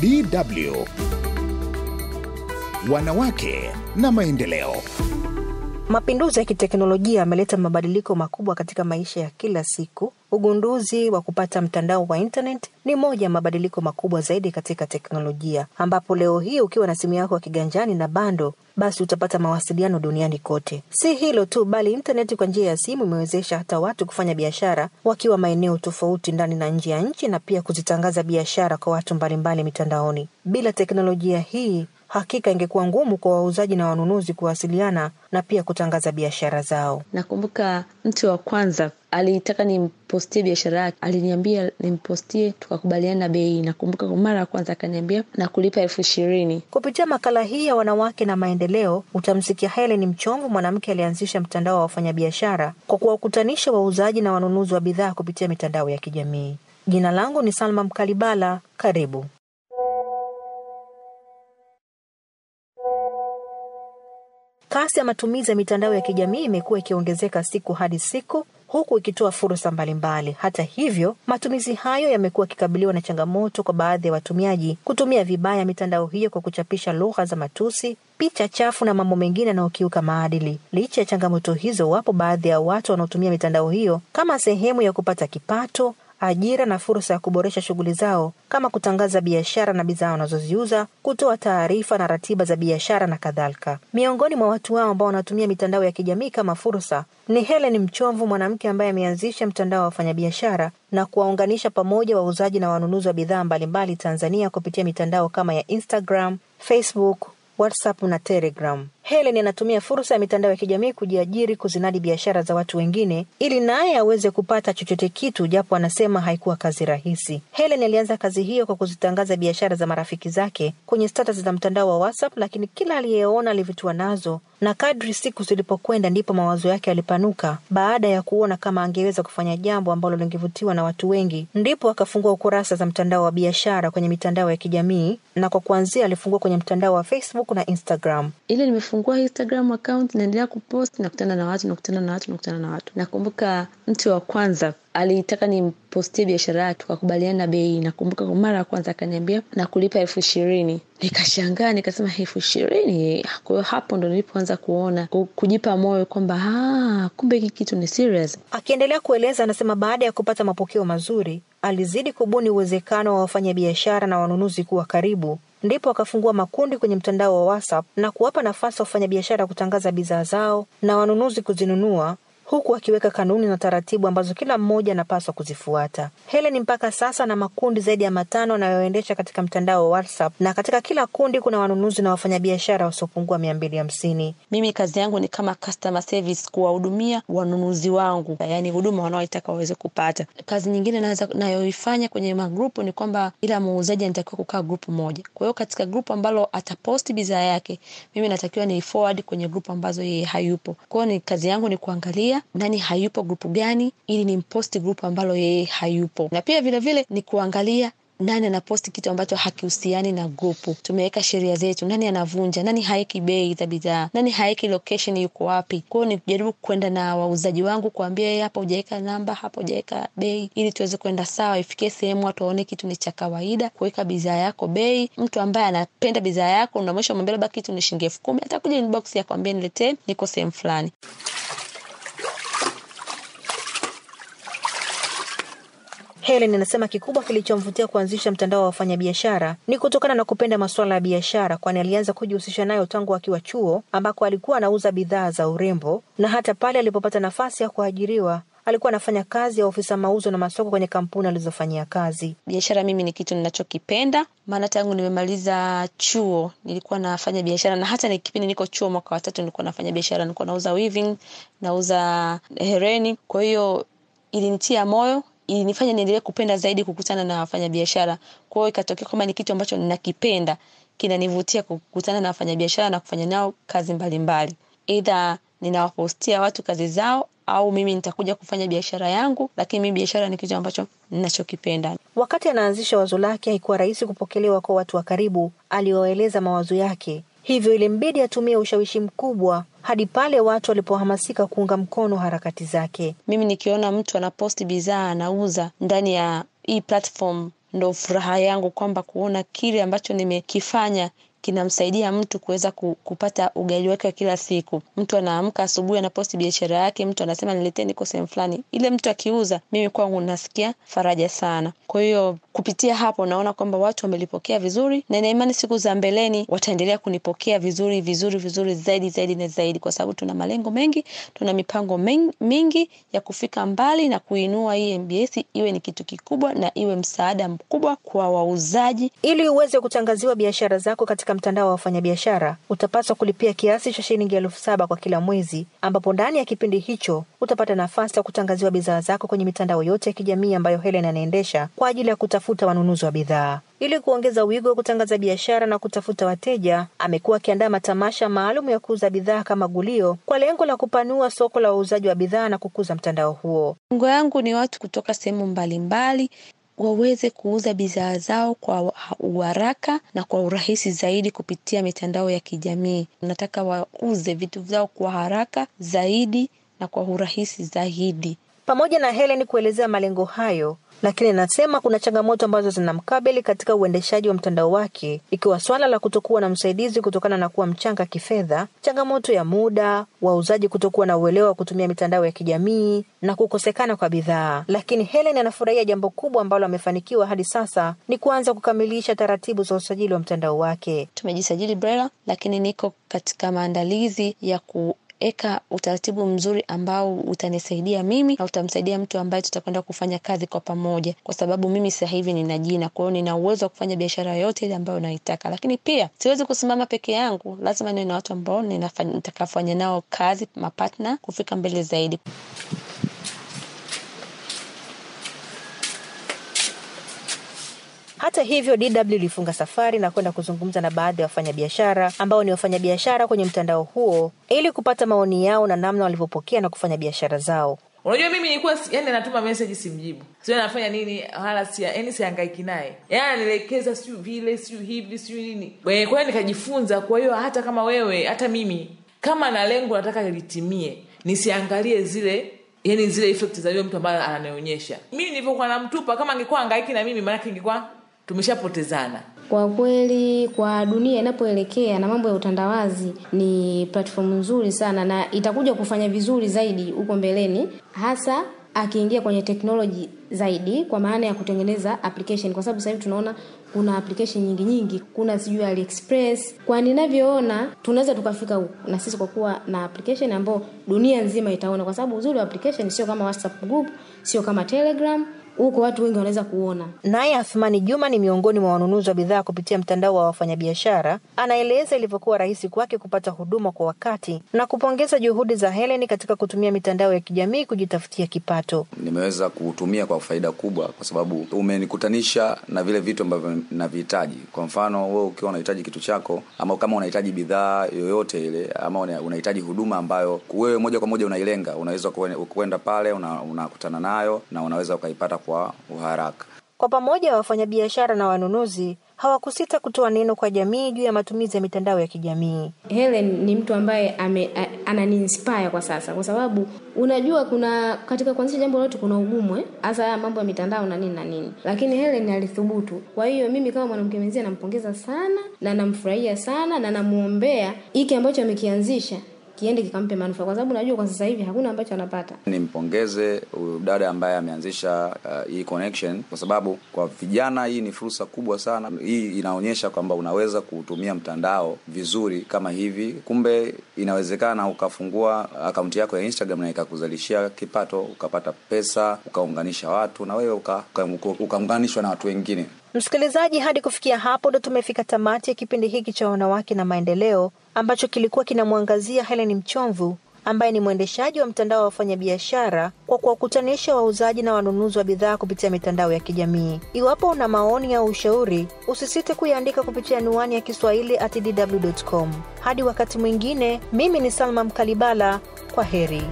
BW. Wanawake na maendeleo. Mapinduzi ya kiteknolojia yameleta mabadiliko makubwa katika maisha ya kila siku Ugunduzi wa kupata mtandao wa internet ni moja ya mabadiliko makubwa zaidi katika teknolojia, ambapo leo hii ukiwa na simu yako ya kiganjani na bando, basi utapata mawasiliano duniani kote. Si hilo tu, bali intaneti kwa njia ya simu imewezesha hata watu kufanya biashara wakiwa maeneo tofauti ndani na nje ya nchi, na pia kuzitangaza biashara kwa watu mbalimbali mitandaoni. Bila teknolojia hii hakika ingekuwa ngumu kwa wauzaji na wanunuzi kuwasiliana na pia kutangaza biashara zao. Nakumbuka mtu wa kwanza alitaka nimpostie biashara yake, aliniambia nimpostie, tukakubaliana bei. Nakumbuka kwa mara ya kwanza akaniambia na kulipa elfu ishirini. Kupitia makala hii ya wanawake na maendeleo, utamsikia Helen Mchomvu, mwanamke alianzisha mtandao wa wafanyabiashara kwa kuwakutanisha wauzaji na wanunuzi wa bidhaa kupitia mitandao ya kijamii. Jina langu ni Salma Mkalibala, karibu. Kasi ya matumizi ya mitandao ya kijamii imekuwa ikiongezeka siku hadi siku huku ikitoa fursa mbalimbali. Hata hivyo, matumizi hayo yamekuwa yakikabiliwa na changamoto kwa baadhi ya watumiaji kutumia vibaya mitandao hiyo kwa kuchapisha lugha za matusi, picha chafu na mambo mengine yanayokiuka maadili. Licha ya changamoto hizo, wapo baadhi ya watu wanaotumia mitandao hiyo kama sehemu ya kupata kipato ajira na fursa ya kuboresha shughuli zao kama kutangaza biashara na bidhaa wanazoziuza, kutoa taarifa na ratiba za biashara na kadhalika. Miongoni mwa watu hao ambao wanatumia mitandao ya kijamii kama fursa ni Helen Mchomvu, mwanamke ambaye ameanzisha mtandao wa wafanyabiashara na kuwaunganisha pamoja wauzaji na wanunuzi wa bidhaa mbalimbali Tanzania kupitia mitandao kama ya Instagram, Facebook, WhatsApp na Telegram. Helen anatumia fursa ya mitandao ya kijamii kujiajiri kuzinadi biashara za watu wengine ili naye aweze kupata chochote kitu, japo anasema haikuwa kazi rahisi. Helen alianza kazi hiyo kwa kuzitangaza biashara za marafiki zake kwenye status za mtandao wa WhatsApp, lakini kila aliyeona alivutiwa nazo, na kadri siku zilipokwenda ndipo mawazo yake yalipanuka. Baada ya kuona kama angeweza kufanya jambo ambalo lingevutiwa na watu wengi, ndipo akafungua ukurasa za mtandao wa biashara kwenye mitandao ya kijamii, na kwa kuanzia alifungua kwenye mtandao wa Facebook na Instagram. Ili nafungua Instagram account, naendelea kupost, nakutana na watu, nakutana na watu, nakutana na watu. Nakumbuka mtu wa kwanza alitaka nimpostie biashara yake, tukakubaliana na bei. Nakumbuka kwa mara ya kwanza akaniambia nakulipa elfu ishirini. Nikashangaa, nikasema elfu ishirini? kwahiyo hapo ndo nilipoanza kuona kujipa moyo kwamba ah, kumbe hiki kitu ni serious. Akiendelea kueleza, anasema baada ya kupata mapokeo mazuri, alizidi kubuni uwezekano wa wafanyabiashara na wanunuzi kuwa karibu ndipo wakafungua makundi kwenye mtandao wa WhatsApp na kuwapa nafasi wafanyabiashara kutangaza bidhaa zao na wanunuzi kuzinunua huku akiweka kanuni na taratibu ambazo kila mmoja anapaswa kuzifuata. Helen mpaka sasa na makundi zaidi ya matano anayoendesha katika mtandao wa WhatsApp, na katika kila kundi kuna wanunuzi na wafanyabiashara wasiopungua mia mbili hamsini. Mimi kazi yangu ni kama customer service, kuwahudumia wanunuzi wangu, yaani huduma wanaoitaka waweze kupata. Kazi nyingine naweza nayoifanya kwenye magrupu ni kwamba ila muuzaji anatakiwa kukaa grupu moja. Kwa hiyo katika grupu ambalo ataposti bidhaa yake, mimi natakiwa ni forward kwenye grupu ambazo yeye hayupo. Kwa hiyo ni kazi yangu ni kuangalia anaangalia nani hayupo grupu gani, ili ni mposti grupu ambalo yeye hayupo, na pia vile vile, ni kuangalia nani anaposti kitu ambacho hakihusiani na grupu. Tumeweka sheria zetu, nani anavunja, nani haeki bei za bidhaa, nani haeki location, yuko wapi. Kwao ni kujaribu kwenda na wauzaji wangu kuambia, yeye hapa ujaweka namba, hapa ujaweka bei, ili tuweze kwenda sawa, ifikie sehemu watu waone kitu ni cha kawaida. Kuweka bidhaa yako bei, mtu ambaye anapenda bidhaa yako unamwesha mwambia, labda kitu ni shilingi elfu kumi, atakuja inbox ya kuambia niletee, niko sehemu fulani. Helen anasema kikubwa kilichomvutia kuanzisha mtandao wa wafanyabiashara ni kutokana na kupenda masuala ya biashara, kwani alianza kujihusisha nayo tangu akiwa chuo ambako alikuwa anauza bidhaa za urembo, na hata pale alipopata nafasi ya kuajiriwa alikuwa anafanya kazi ya ofisa mauzo na masoko kwenye kampuni alizofanyia kazi. Biashara mimi ni kitu ninachokipenda, maana tangu nimemaliza chuo nilikuwa nafanya biashara, na hata nikipindi kipindi niko chuo mwaka watatu nilikuwa nafanya biashara, nilikuwa nauza weaving, nauza hereni. Kwa hiyo ilinitia moyo ilinifanya niendelee kupenda zaidi kukutana na wafanyabiashara. Kwa hiyo ikatokea kwamba ni kitu ambacho ninakipenda, kinanivutia kukutana na wafanyabiashara na kufanya nao kazi mbalimbali. Either ninawapostia watu kazi zao au mimi nitakuja kufanya biashara yangu, lakini mimi biashara ni kitu ambacho ninachokipenda. Wakati anaanzisha wazo lake, haikuwa rahisi kupokelewa kwa watu wa karibu aliowaeleza mawazo yake, hivyo ilimbidi atumie ushawishi mkubwa hadi pale watu walipohamasika kuunga mkono harakati zake. Mimi nikiona mtu anaposti bidhaa anauza ndani ya hii platform ndo furaha yangu kwamba kuona kile ambacho nimekifanya kinamsaidia mtu kuweza kupata ugali wake wa kila siku. Mtu anaamka asubuhi, anaposti biashara yake, mtu anasema nileteni, niko sehemu fulani, ile mtu akiuza, mimi kwangu nasikia faraja sana. Kwa hiyo kupitia hapo, naona kwamba watu wamelipokea vizuri, na ina imani siku za mbeleni wataendelea kunipokea vizuri vizuri vizuri zaidi zaidi na zaidi, kwa sababu tuna malengo mengi, tuna mipango mingi ya kufika mbali na kuinua hii MBS iwe ni kitu kikubwa na iwe msaada mkubwa kwa wauzaji, ili uweze kutangaziwa biashara zako katika mtandao wa wafanyabiashara utapaswa kulipia kiasi cha shilingi elfu saba kwa kila mwezi, ambapo ndani ya kipindi hicho utapata nafasi ya kutangaziwa bidhaa zako kwenye mitandao yote ya kijamii ambayo Helen anaendesha kwa ajili ya kutafuta wanunuzi wa bidhaa. Ili kuongeza wigo wa kutangaza biashara na kutafuta wateja, amekuwa akiandaa matamasha maalum ya kuuza bidhaa kama gulio kwa lengo la kupanua soko la wauzaji wa bidhaa na kukuza mtandao huo. Lengo yangu ni watu kutoka sehemu mbalimbali waweze kuuza bidhaa zao kwa uharaka na kwa urahisi zaidi kupitia mitandao ya kijamii. Nataka wauze vitu vyao kwa haraka zaidi na kwa urahisi zaidi. Pamoja na Helen kuelezea malengo hayo, lakini anasema kuna changamoto ambazo zinamkabili katika uendeshaji wa mtandao wake, ikiwa swala la kutokuwa na msaidizi kutokana na kuwa mchanga kifedha, changamoto ya muda, wauzaji kutokuwa na uelewa wa kutumia mitandao ya kijamii na kukosekana kwa bidhaa. Lakini Helen anafurahia jambo kubwa ambalo amefanikiwa hadi sasa ni kuanza kukamilisha taratibu za usajili wa mtandao wake. Tumejisajili BRELA, lakini niko katika maandalizi ya ku eka utaratibu mzuri ambao utanisaidia mimi na utamsaidia mtu ambaye tutakwenda kufanya kazi kwa pamoja kwa sababu mimi sasa hivi nina jina kwa hiyo nina uwezo wa kufanya biashara yote ile ambayo naitaka lakini pia siwezi kusimama peke yangu lazima niwe na watu ambao nitakafanya nao kazi mapatna kufika mbele zaidi Hata hivyo, DW ilifunga safari na kwenda kuzungumza na baadhi ya wafanyabiashara ambao ni wafanyabiashara kwenye mtandao huo ili kupata maoni yao na namna walivyopokea na kufanya biashara zao. Unajua, mimi nilikuwa yani, natuma message simjibu, sio nafanya nini, wala si yani, sihangaiki naye, yani anaelekeza, siyo vile, siyo hivi, siyo nini. Kwa hiyo nikajifunza. Kwa hiyo hata kama wewe, hata mimi kama na lengo nataka litimie, nisiangalie zile yani zile effect za yule mtu ambaye ananionyesha mimi. Nilivyokuwa namtupa, kama angekuwa angaiki na mimi, maanake ingekuwa tumeshapotezana kwa kweli kwa dunia inapoelekea na mambo ya utandawazi ni platform nzuri sana na itakuja kufanya vizuri zaidi huko mbeleni hasa akiingia kwenye teknoloji zaidi kwa maana ya kutengeneza application kwa sababu hivi tunaona kuna application nyingi nyingi kuna sijui aliexpress kwa ninavyoona tunaweza tukafika huku na sisi kwa kuwa na application ambayo dunia nzima itaona kwa sababu uzuri wa application sio kama whatsapp group sio kama telegram huko watu wengi wanaweza kuona. Naye Athmani Juma ni miongoni mwa wanunuzi wa bidhaa kupitia mtandao wa wafanyabiashara, anaeleza ilivyokuwa rahisi kwake kupata huduma kwa wakati na kupongeza juhudi za Helen katika kutumia mitandao ya kijamii kujitafutia kipato. Nimeweza kuutumia kwa faida kubwa, kwa sababu umenikutanisha na vile vitu ambavyo navihitaji. Kwa mfano, we ukiwa unahitaji kitu chako ama kama unahitaji bidhaa yoyote ile ama unahitaji huduma ambayo wewe moja kwa moja unailenga, unaweza kwenda pale unakutana una nayo na unaweza ukaipata kwa uharaka. Kwa pamoja, wafanyabiashara na wanunuzi hawakusita kutoa neno kwa jamii juu ya matumizi ya mitandao ya kijamii. Helen ni mtu ambaye ananiinspire kwa sasa, kwa sababu unajua kuna katika kuanzisha jambo lote kuna ugumu eh? hasa haya mambo ya mitandao na nini na nini, lakini Helen alithubutu. Kwa hiyo mimi kama mwanamke mwenzie nampongeza sana na namfurahia sana na namwombea hiki ambacho amekianzisha kiende kikampe manufaa, kwa sababu najua kwa sasa hivi hakuna ambacho anapata. Nimpongeze huyu uh, dada ambaye ameanzisha uh, hii connection, kwa sababu kwa vijana hii ni fursa kubwa sana. Hii inaonyesha kwamba unaweza kutumia mtandao vizuri kama hivi, kumbe inawezekana ukafungua akaunti yako ya Instagram na ikakuzalishia kipato, ukapata pesa, ukaunganisha watu na wewe ukaunganishwa uka, uka na watu wengine. Msikilizaji, hadi kufikia hapo ndo tumefika tamati ya kipindi hiki cha Wanawake na Maendeleo ambacho kilikuwa kinamwangazia Helen Mchomvu ambaye ni mwendeshaji wa mtandao wa wafanyabiashara kwa kuwakutanisha wauzaji na wanunuzi wa bidhaa kupitia mitandao ya kijamii. Iwapo una maoni au ushauri, usisite kuiandika kupitia anwani ya Kiswahili at dw.com. Hadi wakati mwingine, mimi ni Salma Mkalibala, kwa heri.